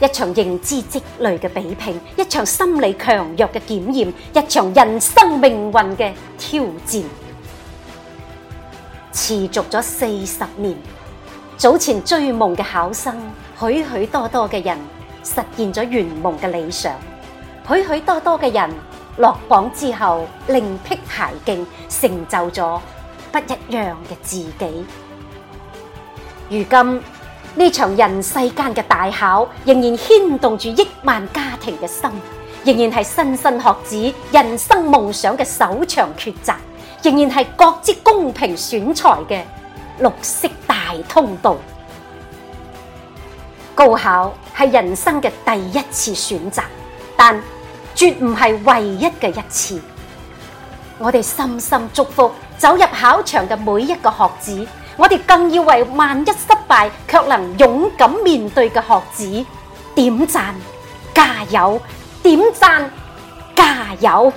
一場認知積累嘅比拼，一場心理強弱嘅檢驗，一場人生命運嘅挑戰，持續咗四十年。早前追夢嘅考生，許許多多嘅人實現咗圓夢嘅理想，許許多多嘅人落榜之後，另辟蹊徑，成就咗不一樣嘅自己。如今。呢場人世間嘅大考，仍然牽動住億萬家庭嘅心，仍然係莘莘學子人生夢想嘅首場抉擇，仍然係國之公平選才嘅綠色大通道。高考係人生嘅第一次選擇，但絕唔係唯一嘅一次。我哋深深祝福走入考場嘅每一個學子。我哋更要為萬一失敗卻能勇敢面對嘅學子，點贊，加油，點贊，加油。